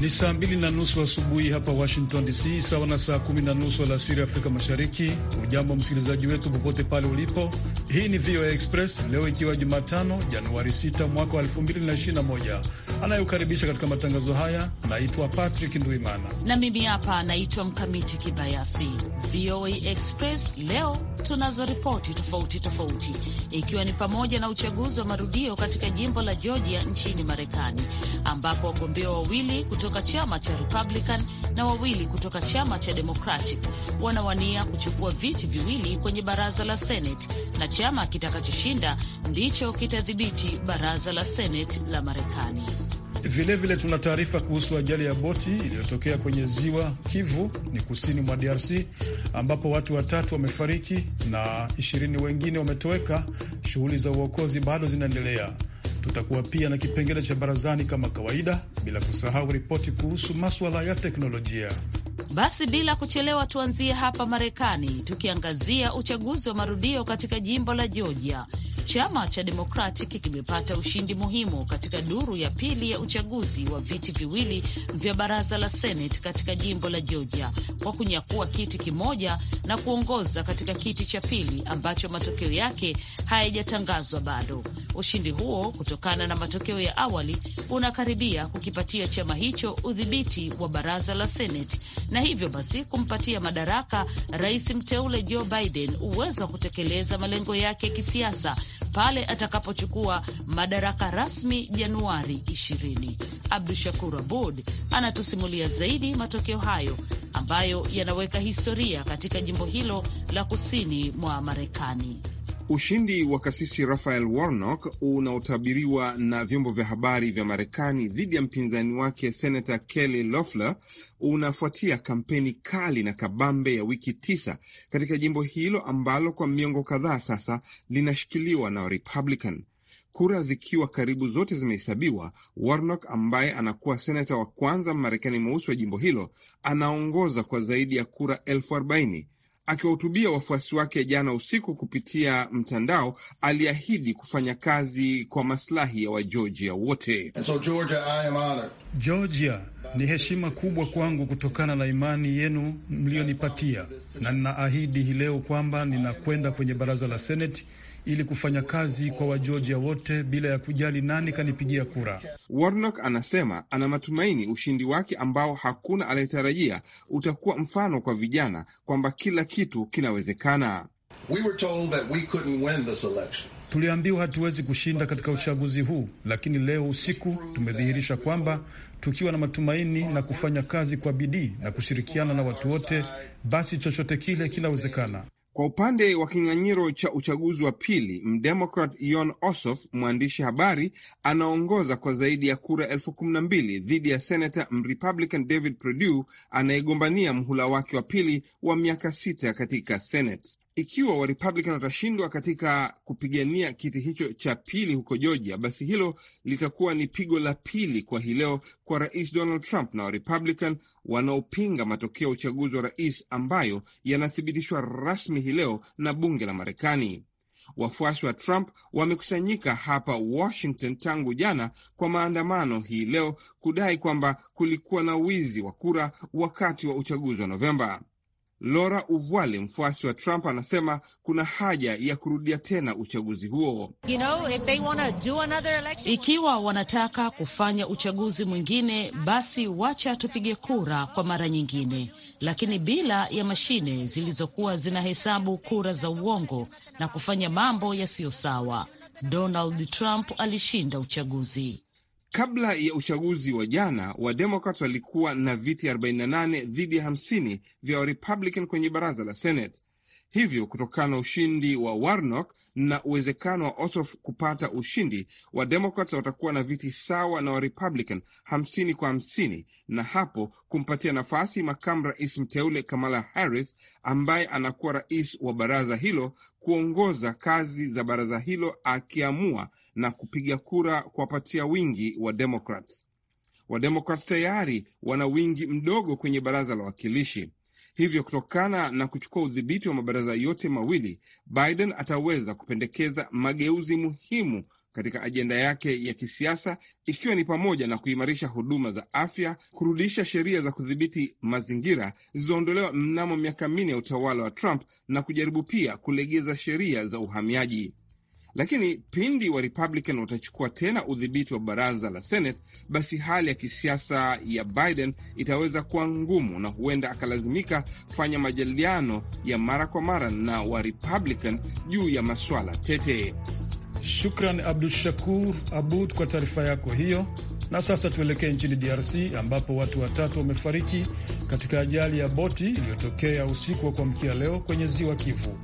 Ni saa mbili na nusu asubuhi wa hapa Washington DC, sawa na saa kumi na nusu alasiri Afrika Mashariki. Ujambo msikilizaji wetu popote pale ulipo. Hii ni VOA Express leo ikiwa Jumatano, Januari 6 mwaka wa 2021. Anayokaribisha katika matangazo haya naitwa Patrick Ndwimana na mimi hapa naitwa Mkamiti Kibayasi. VOA Express leo tunazo ripoti tofauti tofauti, ikiwa ni pamoja na uchaguzi wa marudio katika jimbo la Georgia nchini Marekani ambapo wagombea wawili kutoka kutoka chama cha Republican na wawili kutoka chama cha Democratic wanawania kuchukua viti viwili kwenye baraza la Senate, na chama kitakachoshinda ndicho kitadhibiti baraza la Senate la Marekani. Vilevile vile tuna taarifa kuhusu ajali ya boti iliyotokea kwenye ziwa Kivu ni kusini mwa DRC ambapo watu watatu wamefariki na ishirini wengine wametoweka. Shughuli za uokozi bado zinaendelea. Tutakuwa pia na kipengele cha barazani kama kawaida, bila kusahau ripoti kuhusu maswala ya teknolojia. Basi bila kuchelewa, tuanzie hapa Marekani, tukiangazia uchaguzi wa marudio katika jimbo la Georgia chama cha Demokratic kimepata ushindi muhimu katika duru ya pili ya uchaguzi wa viti viwili vya baraza la Senate katika jimbo la Georgia kwa kunyakua kiti kimoja na kuongoza katika kiti cha pili ambacho matokeo yake hayajatangazwa bado. Ushindi huo kutokana na matokeo ya awali unakaribia kukipatia chama hicho udhibiti wa baraza la Senate na hivyo basi kumpatia madaraka rais mteule Joe Biden uwezo wa kutekeleza malengo yake ya kisiasa pale atakapochukua madaraka rasmi Januari 20. Abdu Shakur Abud anatusimulia zaidi matokeo hayo ambayo yanaweka historia katika jimbo hilo la kusini mwa Marekani. Ushindi wa kasisi rafael Warnock unaotabiriwa na vyombo vya habari vya Marekani dhidi ya mpinzani wake senata Kelly Loeffler unafuatia kampeni kali na kabambe ya wiki tisa katika jimbo hilo ambalo kwa miongo kadhaa sasa linashikiliwa na Republican. Kura zikiwa karibu zote zimehesabiwa, Warnock ambaye anakuwa senata wa kwanza Marekani mweusi wa jimbo hilo anaongoza kwa zaidi ya kura elfu arobaini Akiwahutubia wafuasi wake jana usiku kupitia mtandao, aliahidi kufanya kazi kwa maslahi ya Wageorgia wote. So Georgia, ni heshima kubwa kwangu kutokana na imani yenu mliyonipatia na ninaahidi hii leo kwamba ninakwenda kwenye baraza la Seneti ili kufanya kazi kwa Wageorgia wote bila ya kujali nani kanipigia kura. Warnock anasema ana matumaini ushindi wake ambao hakuna anayetarajia utakuwa mfano kwa vijana kwamba kila kitu kinawezekana. We were told that we couldn't win this election. Tuliambiwa hatuwezi kushinda katika uchaguzi huu, lakini leo usiku tumedhihirisha kwamba tukiwa na matumaini na kufanya kazi kwa bidii na kushirikiana na watu wote, basi chochote kile kinawezekana. Kwa upande wa kinyang'anyiro cha uchaguzi wa pili, mdemokrat Yon Osof, mwandishi habari, anaongoza kwa zaidi ya kura elfu kumi na mbili dhidi ya senata mrepublican David Perdue anayegombania mhula wake wa pili wa miaka sita katika Senate. Ikiwa Warepublican watashindwa katika kupigania kiti hicho cha pili huko Georgia, basi hilo litakuwa ni pigo la pili kwa hii leo kwa Rais Donald Trump na Warepublican wanaopinga matokeo ya uchaguzi wa rais ambayo yanathibitishwa rasmi hii leo na bunge la Marekani. Wafuasi wa Trump wamekusanyika hapa Washington tangu jana kwa maandamano hii leo kudai kwamba kulikuwa na wizi wa kura wakati wa uchaguzi wa Novemba. Laura Uvwali, mfuasi wa Trump, anasema kuna haja ya kurudia tena uchaguzi huo. You know, if they wanna do another election... ikiwa wanataka kufanya uchaguzi mwingine, basi wacha tupige kura kwa mara nyingine, lakini bila ya mashine zilizokuwa zinahesabu kura za uongo na kufanya mambo yasiyo sawa. Donald Trump alishinda uchaguzi. Kabla ya uchaguzi wa jana, Wademokrat walikuwa na viti 48 dhidi ya 50 vya Warepublican kwenye baraza la Senate. Hivyo, kutokana na ushindi wa Warnock na uwezekano wa Ossoff kupata ushindi, Wademokrats watakuwa na viti sawa na Warepublican 50 kwa 50, na hapo kumpatia nafasi makamu rais mteule Kamala Harris ambaye anakuwa rais wa baraza hilo kuongoza kazi za baraza hilo akiamua na kupiga kura kuwapatia wingi wa Democrats. Wademokrats tayari wana wingi mdogo kwenye baraza la wawakilishi. Hivyo, kutokana na kuchukua udhibiti wa mabaraza yote mawili, Biden ataweza kupendekeza mageuzi muhimu katika ajenda yake ya kisiasa ikiwa ni pamoja na kuimarisha huduma za afya, kurudisha sheria za kudhibiti mazingira zilizoondolewa mnamo miaka minne ya utawala wa Trump na kujaribu pia kulegeza sheria za uhamiaji lakini pindi wa Republican watachukua tena udhibiti wa baraza la Senate, basi hali ya kisiasa ya Biden itaweza kuwa ngumu na huenda akalazimika kufanya majadiliano ya mara kwa mara na wa Republican juu ya maswala tete. Shukran Abdu Shakur Abud kwa taarifa yako hiyo. Na sasa tuelekee nchini DRC ambapo watu watatu wamefariki katika ajali ya boti iliyotokea usiku wa kuamkia leo kwenye ziwa Kivu.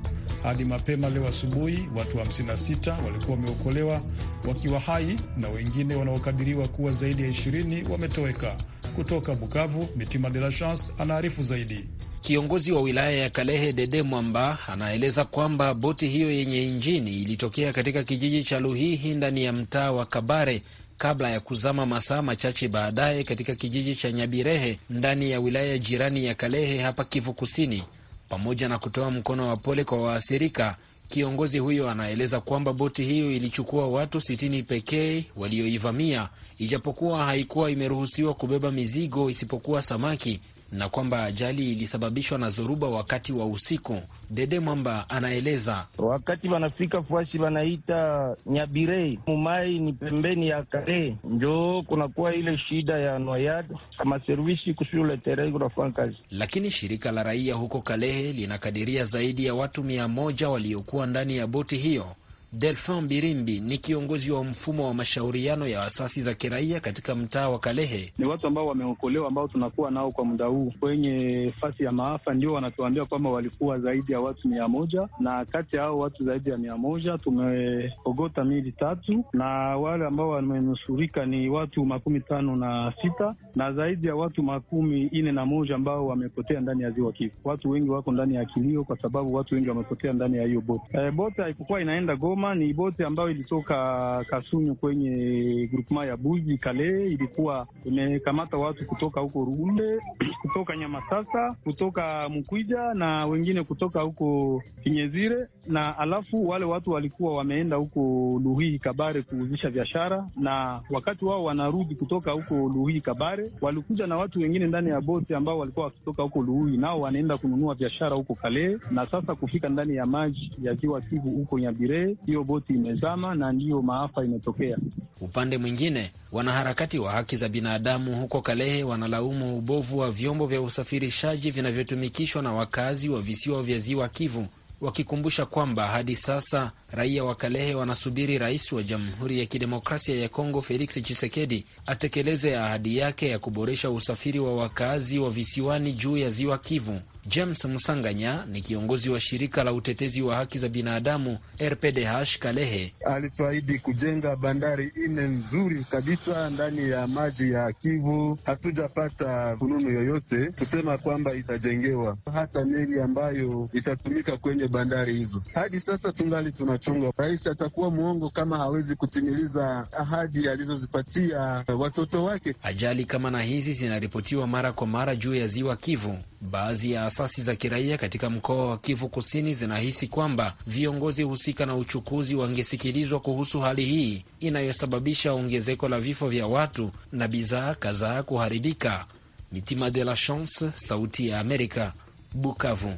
Hadi mapema leo asubuhi, watu 56 walikuwa wameokolewa wakiwa hai na wengine wanaokadiriwa kuwa zaidi ya 20 wametoweka. Kutoka Bukavu, Mitima de la Chance anaarifu zaidi. Kiongozi wa wilaya ya Kalehe Dede Mwamba anaeleza kwamba boti hiyo yenye injini ilitokea katika kijiji cha Luhihi ndani ya mtaa wa Kabare kabla ya kuzama masaa machache baadaye katika kijiji cha Nyabirehe ndani ya wilaya jirani ya Kalehe hapa Kivu Kusini pamoja na kutoa mkono wa pole kwa waathirika. Kiongozi huyo anaeleza kwamba boti hiyo ilichukua watu sitini pekee walioivamia, ijapokuwa haikuwa imeruhusiwa kubeba mizigo isipokuwa samaki na kwamba ajali ilisababishwa na zoruba wakati wa usiku. Dede Mwamba anaeleza wakati wanafika fuashi, wanaita Nyabirei Mumai ni pembeni ya Kare, njo kunakuwa ile shida ya noyad kama servisi kushule kunafanya kazi. Lakini shirika la raia huko Kalehe linakadiria zaidi ya watu mia moja waliokuwa ndani ya boti hiyo Delfin Birimbi ni kiongozi wa mfumo wa mashauriano ya asasi za kiraia katika mtaa wa Kalehe. Ni watu ambao wameokolewa, ambao tunakuwa nao kwa muda huu kwenye fasi ya maafa, ndio wanatuambia kwamba walikuwa zaidi ya watu mia moja na kati ya hao watu zaidi ya mia moja tumeogota mili tatu na wale ambao wamenusurika ni watu makumi tano na sita na zaidi ya watu makumi nne na moja ambao wamepotea ndani ya ziwa Kivu. Watu wengi wako ndani ya kilio kwa sababu watu wengi wamepotea ndani ya hiyo bot E, eh, boti haikukuwa inaenda go Goma ni boti ambayo ilitoka Kasunyu kwenye grupema ya Buzi Kale, ilikuwa imekamata watu kutoka huko Rugumbe, kutoka Nyamasasa, kutoka Mkwija na wengine kutoka huko Kinyezire, na alafu wale watu walikuwa wameenda huko Luhii Kabare kuuzisha biashara, na wakati wao wanarudi kutoka huko Luhii Kabare walikuja na watu wengine ndani ya boti ambao walikuwa wakitoka huko Luhii, nao wanaenda kununua biashara huko Kale, na sasa kufika ndani ya maji ya ziwa Kivu huko Nyabire hiyo boti imezama na ndiyo maafa imetokea. Upande mwingine, wanaharakati wa haki za binadamu huko Kalehe wanalaumu ubovu wa vyombo vya usafirishaji vinavyotumikishwa na wakazi wa visiwa vya Ziwa Kivu wakikumbusha kwamba hadi sasa raia wa Kalehe wanasubiri rais wa Jamhuri ya Kidemokrasia ya Kongo Felix Tshisekedi atekeleze ahadi yake ya kuboresha usafiri wa wakazi wa visiwani juu ya Ziwa Kivu James Musanganya ni kiongozi wa shirika la utetezi wa haki za binadamu RPDH Kalehe. Alituahidi kujenga bandari ine nzuri kabisa ndani ya maji ya Kivu. Hatujapata fununu yoyote kusema kwamba itajengewa hata meli ambayo itatumika kwenye bandari hizo. Hadi sasa tungali tunachunga. Rais atakuwa mwongo kama hawezi kutimiliza ahadi alizozipatia watoto wake. Ajali kama na hizi zinaripotiwa mara kwa mara juu ya ziwa Kivu. Baadhi ya asasi za kiraia katika mkoa wa Kivu Kusini zinahisi kwamba viongozi husika na uchukuzi wangesikilizwa kuhusu hali hii inayosababisha ongezeko la vifo vya watu na bidhaa kadhaa kuharibika. Mitima de la Chance, Sauti ya Amerika, Bukavu.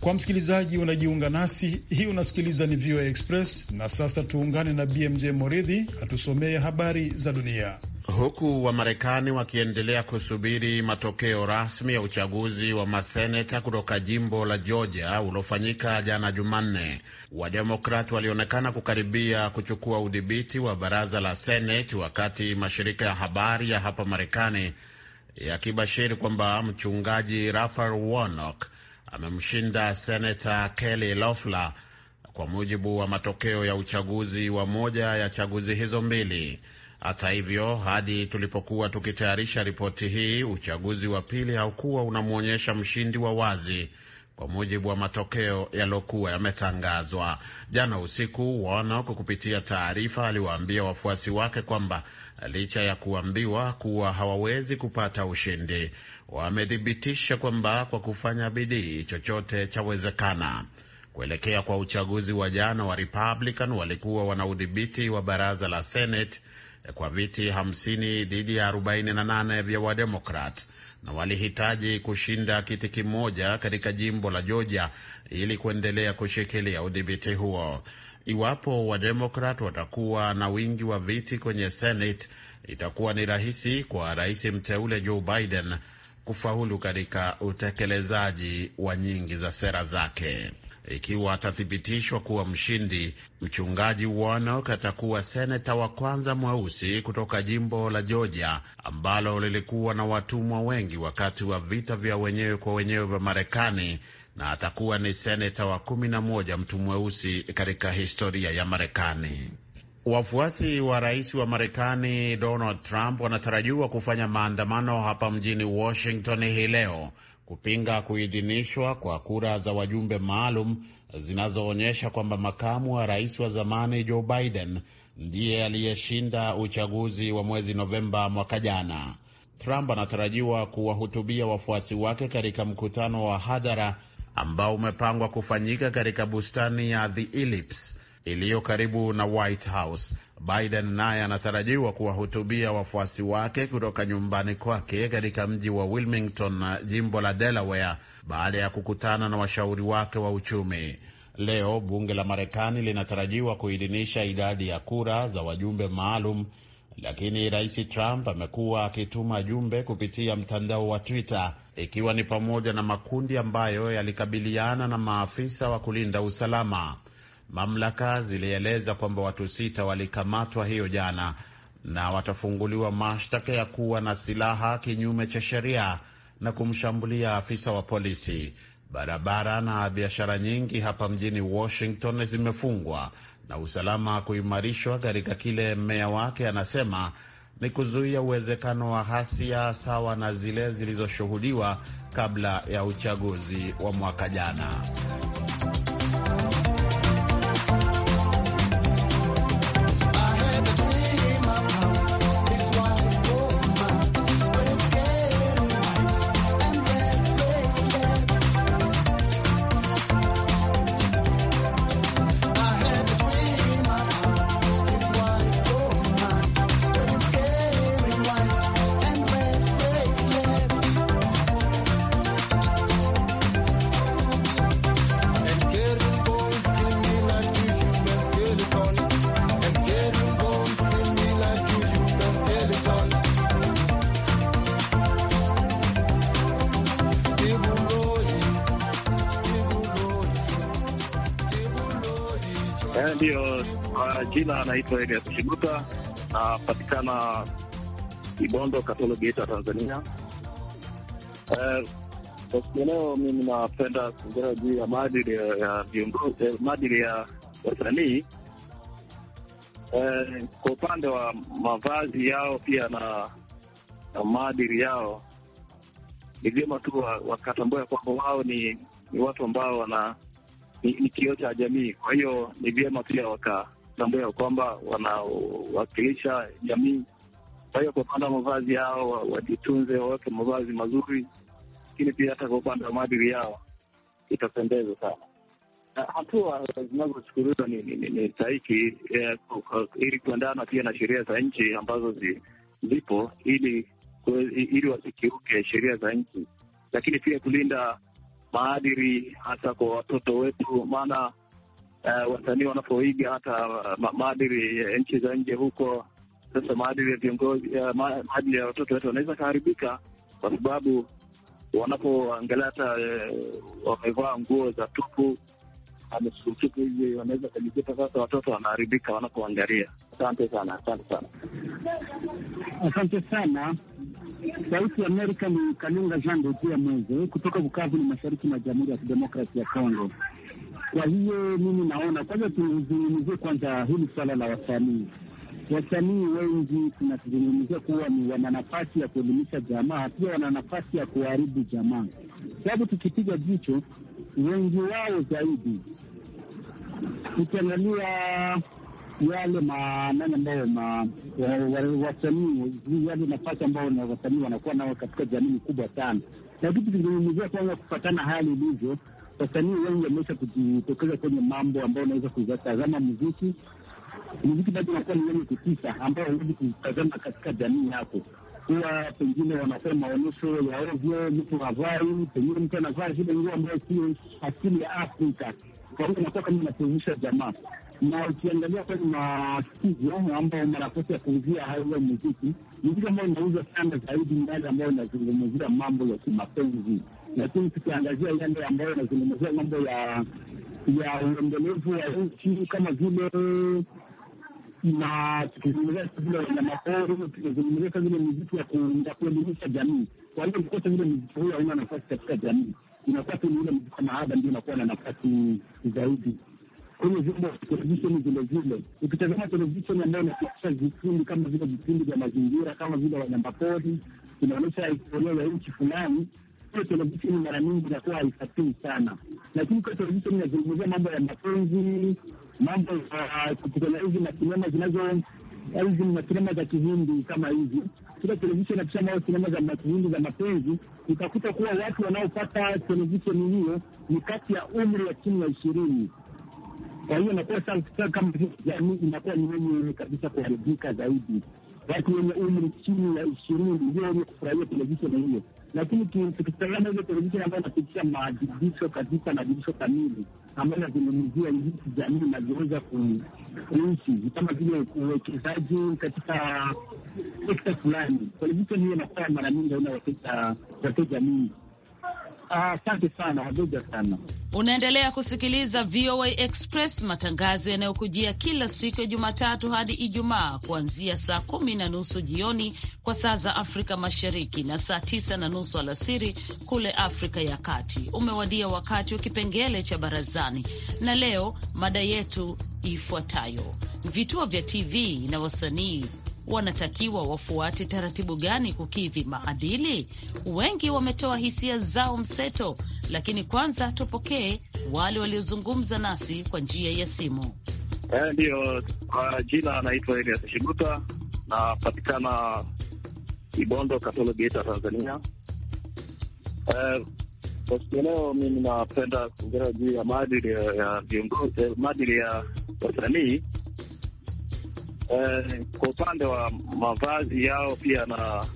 Kwa msikilizaji unajiunga nasi, hii unasikiliza ni VOA Express, na sasa tuungane na BMJ Moridhi atusomee habari za dunia. Huku Wamarekani wakiendelea kusubiri matokeo rasmi ya uchaguzi wa maseneta kutoka jimbo la Georgia uliofanyika jana Jumanne, wademokrat walionekana kukaribia kuchukua udhibiti wa baraza la Seneti, wakati mashirika ya habari ya hapa Marekani yakibashiri kwamba mchungaji Rafael Warnock amemshinda seneta Kelly Loeffler kwa mujibu wa matokeo ya uchaguzi wa moja ya chaguzi hizo mbili. Hata hivyo, hadi tulipokuwa tukitayarisha ripoti hii, uchaguzi wa pili haukuwa unamwonyesha mshindi wa wazi kwa mujibu wa matokeo yaliyokuwa yametangazwa jana usiku. Warnock kupitia taarifa aliwaambia wafuasi wake kwamba licha ya kuambiwa kuwa hawawezi kupata ushindi, wamethibitisha kwamba kwa kufanya bidii chochote chawezekana. Kuelekea kwa uchaguzi wa jana wa Republican walikuwa wana udhibiti wa baraza la Senate Eh, kwa viti 50 dhidi ya 48 vya Wademokrat na walihitaji kushinda kiti kimoja katika jimbo la Georgia ili kuendelea kushikilia udhibiti huo. Iwapo Wademokrat watakuwa na wingi wa viti kwenye Senate, itakuwa ni rahisi kwa rais mteule Joe Biden kufaulu katika utekelezaji wa nyingi za sera zake. Ikiwa atathibitishwa kuwa mshindi, mchungaji Warnock atakuwa seneta wa kwanza mweusi kutoka jimbo la Georgia ambalo lilikuwa na watumwa wengi wakati wa vita vya wenyewe kwa wenyewe vya Marekani, na atakuwa ni seneta wa kumi na moja mtu mweusi katika historia ya Marekani. Wafuasi wa rais wa Marekani Donald Trump wanatarajiwa kufanya maandamano hapa mjini Washington hii leo kupinga kuidhinishwa kwa kura za wajumbe maalum zinazoonyesha kwamba makamu wa rais wa zamani Joe Biden ndiye aliyeshinda uchaguzi wa mwezi Novemba mwaka jana. Trump anatarajiwa kuwahutubia wafuasi wake katika mkutano wa hadhara ambao umepangwa kufanyika katika bustani ya The Ellipse iliyo karibu na White House. Biden naye anatarajiwa kuwahutubia wafuasi wake kutoka nyumbani kwake katika mji wa Wilmington, jimbo la Delaware, baada ya kukutana na washauri wake wa uchumi. Leo bunge la Marekani linatarajiwa kuidhinisha idadi ya kura za wajumbe maalum, lakini rais Trump amekuwa akituma jumbe kupitia mtandao wa Twitter, ikiwa ni pamoja na makundi ambayo yalikabiliana na maafisa wa kulinda usalama. Mamlaka zilieleza kwamba watu sita walikamatwa hiyo jana na watafunguliwa mashtaka ya kuwa na silaha kinyume cha sheria na kumshambulia afisa wa polisi. Barabara na biashara nyingi hapa mjini Washington zimefungwa na usalama kuimarishwa katika kile meya wake anasema ni kuzuia uwezekano wa ghasia sawa na zile zilizoshuhudiwa kabla ya uchaguzi wa mwaka jana. anaitwa Elias Chiguta, napatikana Kibondo Katolo Geita, Tanzania. Eh, leo mimi napenda kuongea juu ya maadili ya eh, maadili ya wasanii eh, kwa upande wa mavazi yao pia na na maadili yao. Ni vyema tu wakatambua kwamba wao ni ni watu ambao wana ni, ni kioo cha jamii. Kwa hiyo ni vyema pia waka tambua ya kwamba wanawakilisha jamii. Kwa hiyo kwa upande wa mavazi yao wajitunze, waweke mavazi mazuri, lakini pia hata kwa upande wa maadili yao itapendeza sana. Hatua zinazochukuliwa ni, stahiki eh, ili kuendana pia na sheria za nchi ambazo zipo ili ili wasikiuke sheria za nchi, lakini pia kulinda maadili hasa kwa watoto wetu, maana uh, wasanii wanapoiga hata eh, maadili ya nchi za nje huko. Sasa maadili ya viongozi, eh, maadili ya watoto wetu wanaweza kaharibika kwa sababu wanapoangalia hata wamevaa nguo za tupu amesutupu hivi, wanaweza kajikuta sasa watoto wanaharibika wanapoangalia. Asante sana, asante sana, asante sana. Sauti ya Amerika ni Kalunga Jean de Mweze kutoka Bukavu ni mashariki mwa Jamhuri ya Kidemokrasi ya Kongo. Kwa hiyo mimi naona kwanza tuzungumzie kwanza hili suala la wasanii. Wasanii wengi tunazungumzia kuwa ni wana nafasi ya kuelimisha jamaa, pia wana nafasi ya kuharibu jamaa, sababu tukipiga jicho wengi wao zaidi, tukiangalia yale manani ambayo wasanii yale nafasi ambao wasanii wanakuwa nao katika jamii kubwa sana, lakini tukizungumzia kwanza kufatana hali ilivyo wasanii wengi wameweza kujitokeza kwenye mambo ambayo unaweza kutazama muziki. Muziki bado unakuwa ni wenye kutisa ambayo huwezi kutazama katika jamii yako kuwa pengine wanakuwa maonyesho ya ovyo, mtu havai, pengine mtu anavaa zile nguo ambayo sio asili ya Afrika. Kwa hiyo inakuwa kama inapozusha jamaa, na ukiangalia kwenye mastudio ambao marafasi ya kuuzia hayo muziki, muziki ambayo inauza sana zaidi ni yale ambayo inazungumzia mambo ya kimapenzi lakini tukiangazia yale ambayo yanazungumzia mambo ya ya uendelevu wa nchi kama vile na tukizungumzia vile wanyamapori, tukizungumzia sa vile mizitu ya kuelimisha jamii. Kwa hiyo nikosa vile mizitu huyo hauna nafasi katika jamii, inakuwa tu ni ile miziki kama ada ndio inakuwa na nafasi zaidi kwenye vyombo vya televisheni vile vile. Ukitazama televisheni ambayo inafikisha vipindi kama vile vipindi vya mazingira, kama vile wanyamapori, inaonyesha historia ya nchi fulani kwa televisheni mara nyingi inakuwa haifatii sana, lakini kwa televisheni inazungumzia mambo ya mapenzi, mambo ya kupigana hizi na sinema zinazo hizi na sinema za kihindi kama hizi kila televisheni akishamao sinema za kihindi za mapenzi, ikakuta kuwa watu wanaopata televisheni hiyo ni kati ya umri wa chini ya ishirini. Kwa hiyo inakuwa sasa kama jamii inakuwa ni wenye kabisa kuharibika zaidi, watu wenye umri chini ya ishirini ndio wenye kufurahia televisheni hiyo lakini tukitazama ile televisheni ambayo inapitisha maadhibisho katika maadhibisho kamili ambayo inazungumzia jinsi jamii inavyoweza kuishi, kama vile uwekezaji katika sekta fulani, televisheni hiyo inakuwa mara nyingi haina wateja mingi. Asante uh, sana aduga sana. Unaendelea kusikiliza VOA Express, matangazo yanayokujia kila siku ya Jumatatu hadi Ijumaa kuanzia saa kumi na nusu jioni kwa saa za Afrika Mashariki na saa tisa na nusu alasiri kule Afrika ya Kati. Umewadia wakati wa kipengele cha barazani, na leo mada yetu ifuatayo: vituo vya TV na wasanii wanatakiwa wafuate taratibu gani kukidhi maadili? Wengi wametoa hisia zao mseto, lakini kwanza tupokee wale waliozungumza nasi kwa njia ya simu. Eh, Ndiyo, kwa jina anaitwa Elias Shiguta, napatikana Kibondo Katologeita, Tanzania. Basi eh, leo mimi napenda kuongea juu ya maadili ya eh, wasanii Eh, kwa upande wa mavazi yao pia na,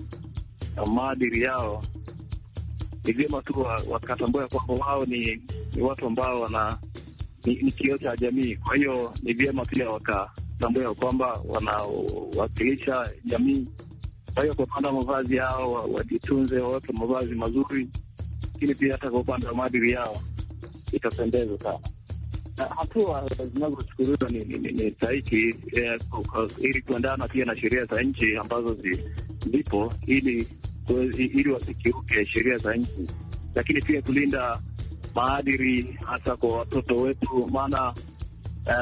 na maadili yao ni vyema tu wakatambua kwamba wao ni, ni watu ambao wana ni, ni kioo cha jamii. Kwa hiyo ni vyema pia wakatambua kwamba wanawakilisha jamii. Kwa hiyo kwa upande wa mavazi yao wajitunze, wawepe mavazi mazuri, lakini pia hata kwa upande wa maadili yao itapendeza sana hatua zinazochukuliwa ni stahiki eh, ili kuendana pia na sheria za nchi ambazo zipo ili ili wasikiuke sheria za nchi, lakini pia kulinda maadili hasa kwa watoto wetu, maana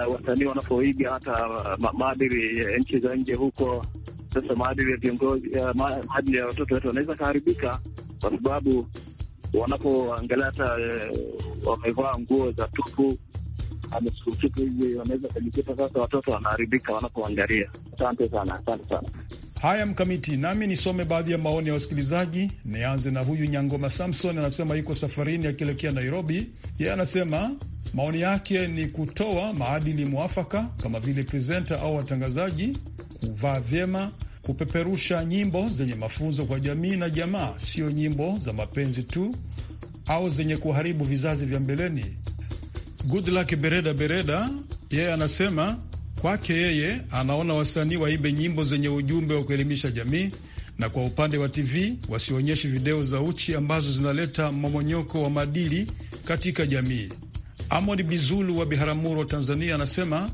uh, wasanii wanapoiga hata eh, ma maadili ya nchi za nje huko, sasa maadili ya viongozi uh, maadili ya watoto wetu wanaweza kaharibika kwa sababu wanapoangalia hata uh, wamevaa nguo za tupu amesikusiku hivi wanaweza kajikuta sasa watoto wanaharibika wanapoangalia. Asante sana, asante sana. Haya Mkamiti, nami nisome baadhi ya maoni ya wasikilizaji. Nianze na huyu Nyangoma Samson, anasema yuko safarini akielekea Nairobi. Yeye anasema maoni yake ni kutoa maadili mwafaka kama vile presenta au watangazaji, kuvaa vyema, kupeperusha nyimbo zenye mafunzo kwa jamii na jamaa, sio nyimbo za mapenzi tu au zenye kuharibu vizazi vya mbeleni. Goodluck Bereda Bereda yeye anasema kwake yeye anaona wasanii waimbe nyimbo zenye ujumbe wa kuelimisha jamii, na kwa upande wa TV wasionyeshe video za uchi ambazo zinaleta mmomonyoko wa maadili katika jamii. Amon Bizulu wa biharamuro Tanzania, anasema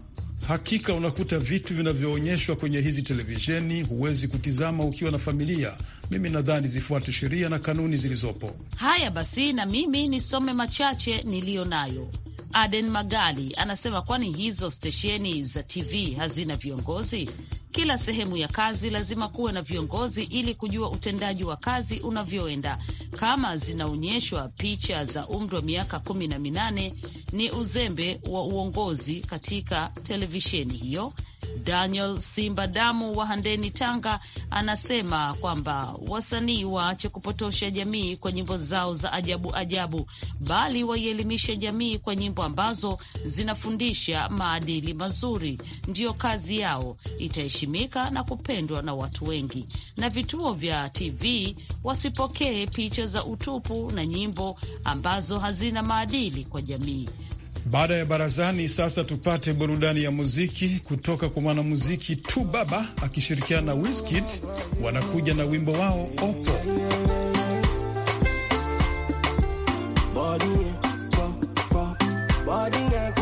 hakika unakuta vitu vinavyoonyeshwa kwenye hizi televisheni huwezi kutizama ukiwa na familia, mimi nadhani zifuate sheria na kanuni zilizopo. Haya basi, na mimi nisome machache niliyo nayo. Aden Magali anasema kwani hizo stesheni za TV hazina viongozi? Kila sehemu ya kazi lazima kuwe na viongozi ili kujua utendaji wa kazi unavyoenda. Kama zinaonyeshwa picha za umri wa miaka kumi na minane, ni uzembe wa uongozi katika televisheni hiyo Daniel Simba Damu wa Handeni, Tanga, anasema kwamba wasanii waache kupotosha jamii kwa nyimbo zao za ajabu ajabu, bali waielimishe jamii kwa nyimbo ambazo zinafundisha maadili mazuri. Ndiyo kazi yao, itaheshimika na kupendwa na watu wengi. Na vituo vya TV wasipokee picha za utupu na nyimbo ambazo hazina maadili kwa jamii. Baada ya barazani, sasa tupate burudani ya muziki kutoka kwa mwanamuziki Tu Baba akishirikiana na Wizkid, wanakuja na wimbo wao Opo. Body, body, body.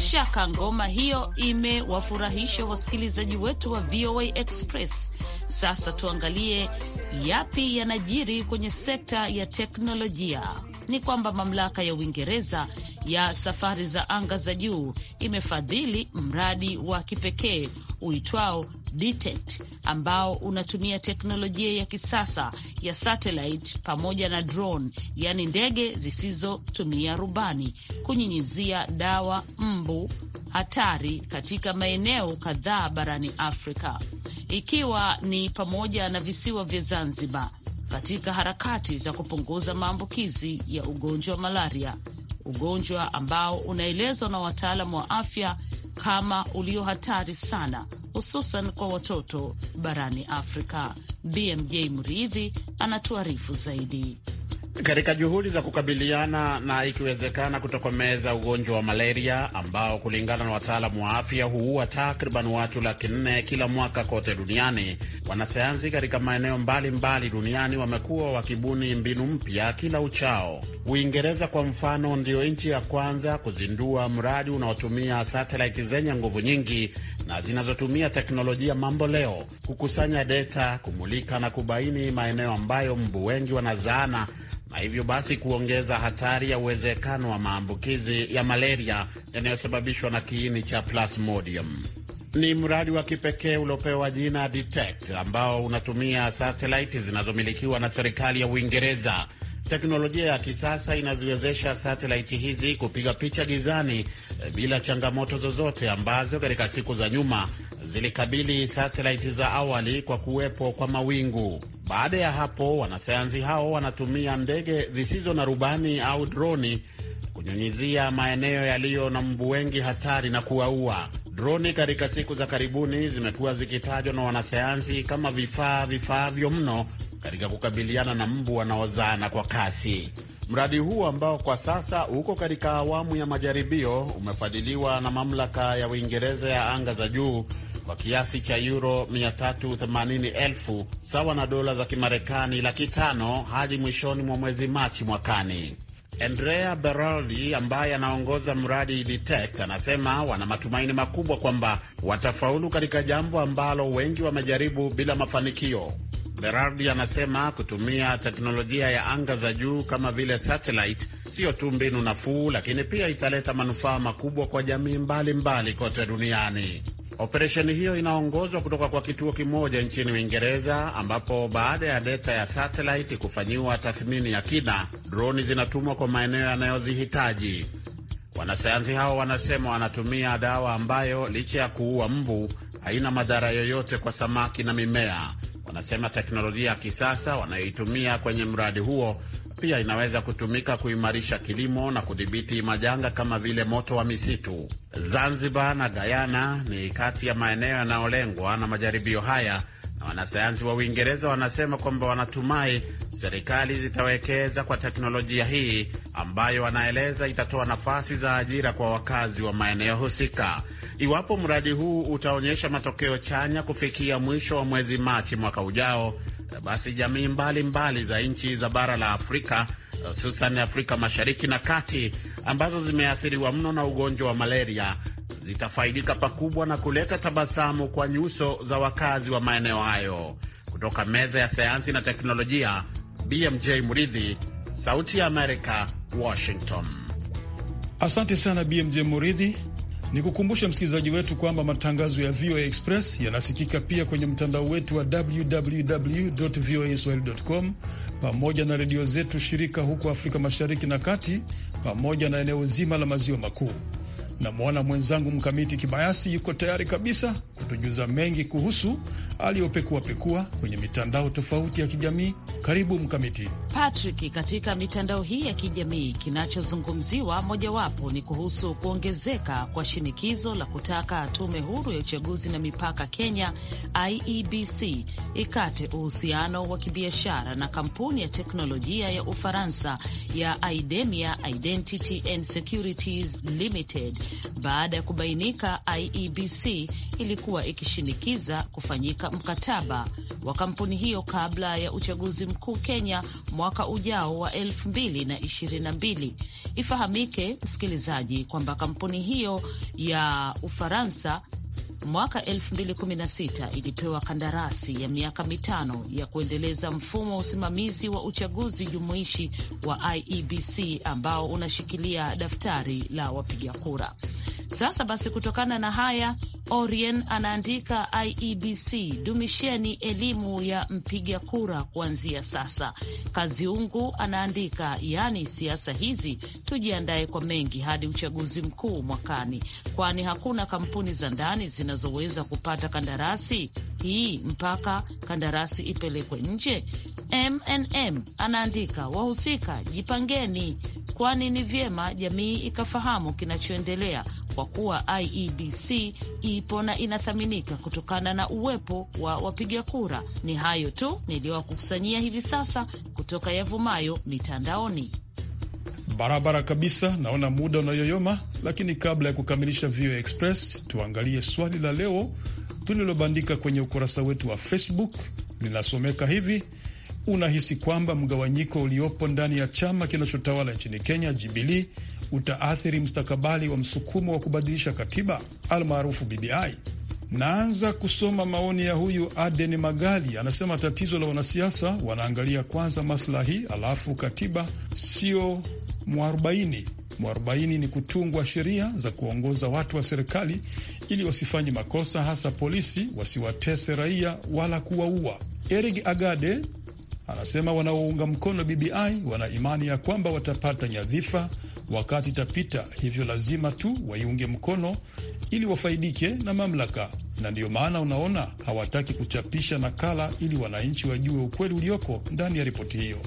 shaka ngoma hiyo imewafurahisha wasikilizaji wetu wa VOA Express. Sasa tuangalie yapi yanajiri kwenye sekta ya teknolojia. Ni kwamba mamlaka ya Uingereza ya safari za anga za juu imefadhili mradi wa kipekee uitwao DTECT ambao unatumia teknolojia ya kisasa ya satellite pamoja na drone, yaani ndege zisizotumia rubani kunyinyizia dawa mbu hatari katika maeneo kadhaa barani Afrika ikiwa ni pamoja na visiwa vya Zanzibar katika harakati za kupunguza maambukizi ya ugonjwa wa malaria, ugonjwa ambao unaelezwa na wataalamu wa afya kama ulio hatari sana hususan kwa watoto barani Afrika. BMJ Mridhi anatuarifu zaidi. Katika juhudi za kukabiliana na ikiwezekana kutokomeza ugonjwa wa malaria ambao kulingana na wataalamu wa afya huua takriban watu laki nne kila mwaka kote duniani, wanasayansi katika maeneo mbalimbali mbali duniani wamekuwa wakibuni mbinu mpya kila uchao. Uingereza kwa mfano, ndiyo nchi ya kwanza kuzindua mradi unaotumia satelaiti zenye nguvu nyingi na zinazotumia teknolojia mambo leo kukusanya deta, kumulika na kubaini maeneo ambayo mbu wengi wanazaana na hivyo basi kuongeza hatari ya uwezekano wa maambukizi ya malaria yanayosababishwa na kiini cha Plasmodium. Ni mradi wa kipekee uliopewa jina Detect ambao unatumia satelaiti zinazomilikiwa na serikali ya Uingereza. Teknolojia ya kisasa inaziwezesha satelaiti hizi kupiga picha gizani eh, bila changamoto zozote ambazo katika siku za nyuma zilikabili satelaiti za awali kwa kuwepo kwa mawingu. Baada ya hapo, wanasayansi hao wanatumia ndege zisizo na rubani au droni kunyunyizia maeneo yaliyo na mbu wengi hatari na kuwaua. Droni katika siku za karibuni zimekuwa zikitajwa na wanasayansi kama vifaa vifaavyo mno katika kukabiliana na mbu wanaozaana kwa kasi. Mradi huu ambao kwa sasa uko katika awamu ya majaribio umefadhiliwa na mamlaka ya Uingereza ya anga za juu kwa kiasi cha yuro 380,000 sawa na dola za Kimarekani laki tano hadi mwishoni mwa mwezi Machi mwakani. Andrea Berardi ambaye anaongoza mradi Detect anasema wana matumaini makubwa kwamba watafaulu katika jambo ambalo wengi wamejaribu bila mafanikio. Berardi anasema kutumia teknolojia ya anga za juu kama vile satellite siyo tu mbinu nafuu, lakini pia italeta manufaa makubwa kwa jamii mbalimbali mbali kote duniani. Operesheni hiyo inaongozwa kutoka kwa kituo kimoja nchini Uingereza, ambapo baada ya deta ya satelaiti kufanyiwa tathmini ya kina, droni zinatumwa kwa maeneo yanayozihitaji. Wanasayansi hao wanasema wanatumia dawa ambayo licha ya kuua mbu haina madhara yoyote kwa samaki na mimea. Wanasema teknolojia ya kisasa wanayoitumia kwenye mradi huo pia inaweza kutumika kuimarisha kilimo na kudhibiti majanga kama vile moto wa misitu. Zanzibar na Guyana ni kati ya maeneo yanayolengwa na majaribio haya, na wanasayansi wa Uingereza wanasema kwamba wanatumai serikali zitawekeza kwa teknolojia hii ambayo wanaeleza itatoa nafasi za ajira kwa wakazi wa maeneo husika. Iwapo mradi huu utaonyesha matokeo chanya kufikia mwisho wa mwezi Machi mwaka ujao basi jamii mbalimbali mbali za nchi za bara la Afrika hususan Afrika Mashariki na Kati ambazo zimeathiriwa mno na ugonjwa wa malaria zitafaidika pakubwa na kuleta tabasamu kwa nyuso za wakazi wa maeneo hayo. Kutoka meza ya sayansi na teknolojia, BMJ Muridhi, Sauti ya Amerika, Washington. Asante sana BMJ Muridhi. Ni kukumbushe msikilizaji wetu kwamba matangazo ya VOA Express yanasikika pia kwenye mtandao wetu wa www voa swahili com pamoja na redio zetu shirika huko Afrika Mashariki na Kati pamoja na eneo zima la maziwa makuu. Namwona mwenzangu Mkamiti Kibayasi yuko tayari kabisa kutujuza mengi kuhusu aliyopekuapekua kwenye mitandao tofauti ya kijamii. Karibu Mkamiti. Patrick, katika mitandao hii ya kijamii kinachozungumziwa mojawapo ni kuhusu kuongezeka kwa shinikizo la kutaka tume huru ya uchaguzi na mipaka Kenya, IEBC, ikate uhusiano wa kibiashara na kampuni ya teknolojia ya Ufaransa ya Idemia Identity and Securities Limited baada ya kubainika IEBC ilikuwa ikishinikiza kufanyika mkataba wa kampuni hiyo kabla ya uchaguzi mkuu Kenya mwaka ujao wa 2022. Ifahamike msikilizaji, kwamba kampuni hiyo ya Ufaransa mwaka 2016 ilipewa kandarasi ya miaka mitano ya kuendeleza mfumo wa usimamizi wa uchaguzi jumuishi wa IEBC ambao unashikilia daftari la wapiga kura. Sasa basi, kutokana na haya, Orien anaandika IEBC, dumisheni elimu ya mpiga kura kuanzia sasa. Kaziungu anaandika yaani, siasa hizi tujiandae kwa mengi hadi uchaguzi mkuu mwakani, kwani hakuna kampuni za ndani zina zinazoweza kupata kandarasi hii mpaka kandarasi ipelekwe nje. MNM anaandika, wahusika jipangeni, kwani ni vyema jamii ikafahamu kinachoendelea kwa kuwa IEBC ipo na inathaminika kutokana na uwepo wa wapiga kura. Ni hayo tu niliyowakusanyia hivi sasa kutoka yavumayo mitandaoni barabara kabisa, naona muda unayoyoma, lakini kabla ya kukamilisha VOA Express tuangalie swali la leo tulilobandika kwenye ukurasa wetu wa Facebook. Linasomeka hivi: unahisi kwamba mgawanyiko uliopo ndani ya chama kinachotawala nchini Kenya, Jubilee, utaathiri mstakabali wa msukumo wa kubadilisha katiba almaarufu BBI? Naanza kusoma maoni ya huyu Aden Magali, anasema tatizo la wanasiasa wanaangalia kwanza maslahi, alafu katiba sio mwarobaini. Mwarobaini ni kutungwa sheria za kuongoza watu wa serikali ili wasifanye makosa, hasa polisi wasiwatese raia wala kuwaua. Eric Agade anasema wanaounga mkono BBI wana imani ya kwamba watapata nyadhifa Wakati itapita, hivyo lazima tu waiunge mkono ili wafaidike na mamlaka, na ndiyo maana unaona hawataki kuchapisha nakala ili wananchi wajue ukweli ulioko ndani ya ripoti hiyo.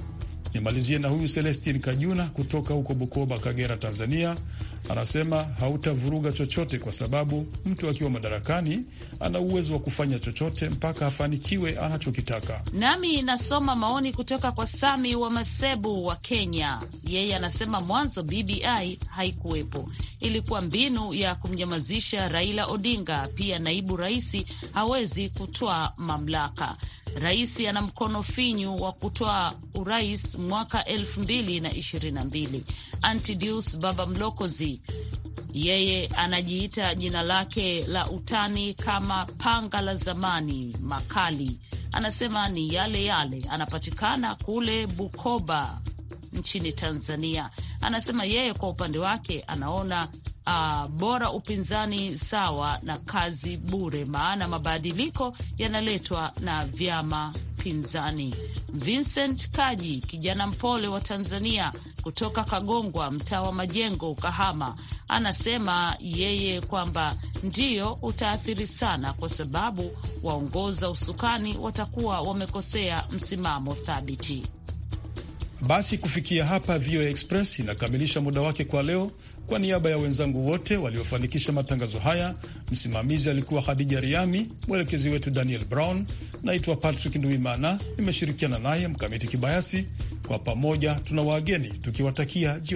Nimalizie na huyu Celestin Kajuna kutoka huko Bukoba, Kagera, Tanzania Anasema hautavuruga chochote kwa sababu mtu akiwa madarakani ana uwezo wa kufanya chochote mpaka afanikiwe anachokitaka. Nami nasoma maoni kutoka kwa Sami wa Masebu wa Kenya. Yeye anasema mwanzo BBI haikuwepo, ilikuwa mbinu ya kumnyamazisha Raila Odinga. Pia naibu raisi hawezi kutwaa mamlaka rais ana mkono finyu wa kutoa urais mwaka elfu mbili na ishirini na mbili. Antidius Baba Mlokozi yeye anajiita jina lake la utani kama panga la zamani makali, anasema ni yale yale, anapatikana kule Bukoba nchini Tanzania. Anasema yeye kwa upande wake anaona uh, bora upinzani sawa na kazi bure, maana mabadiliko yanaletwa na vyama pinzani. Vincent Kaji, kijana mpole wa Tanzania kutoka Kagongwa, mtaa wa Majengo, Kahama, anasema yeye kwamba ndiyo utaathiri sana, kwa sababu waongoza usukani watakuwa wamekosea msimamo thabiti. Basi kufikia hapa, VOA Express inakamilisha muda wake kwa leo. Kwa niaba ya wenzangu wote waliofanikisha matangazo haya, msimamizi alikuwa Khadija Riami, mwelekezi wetu Daniel Brown. Naitwa Patrick Nduimana, nimeshirikiana naye Mkamiti Kibayasi. Kwa pamoja tuna wageni tukiwatakia jioni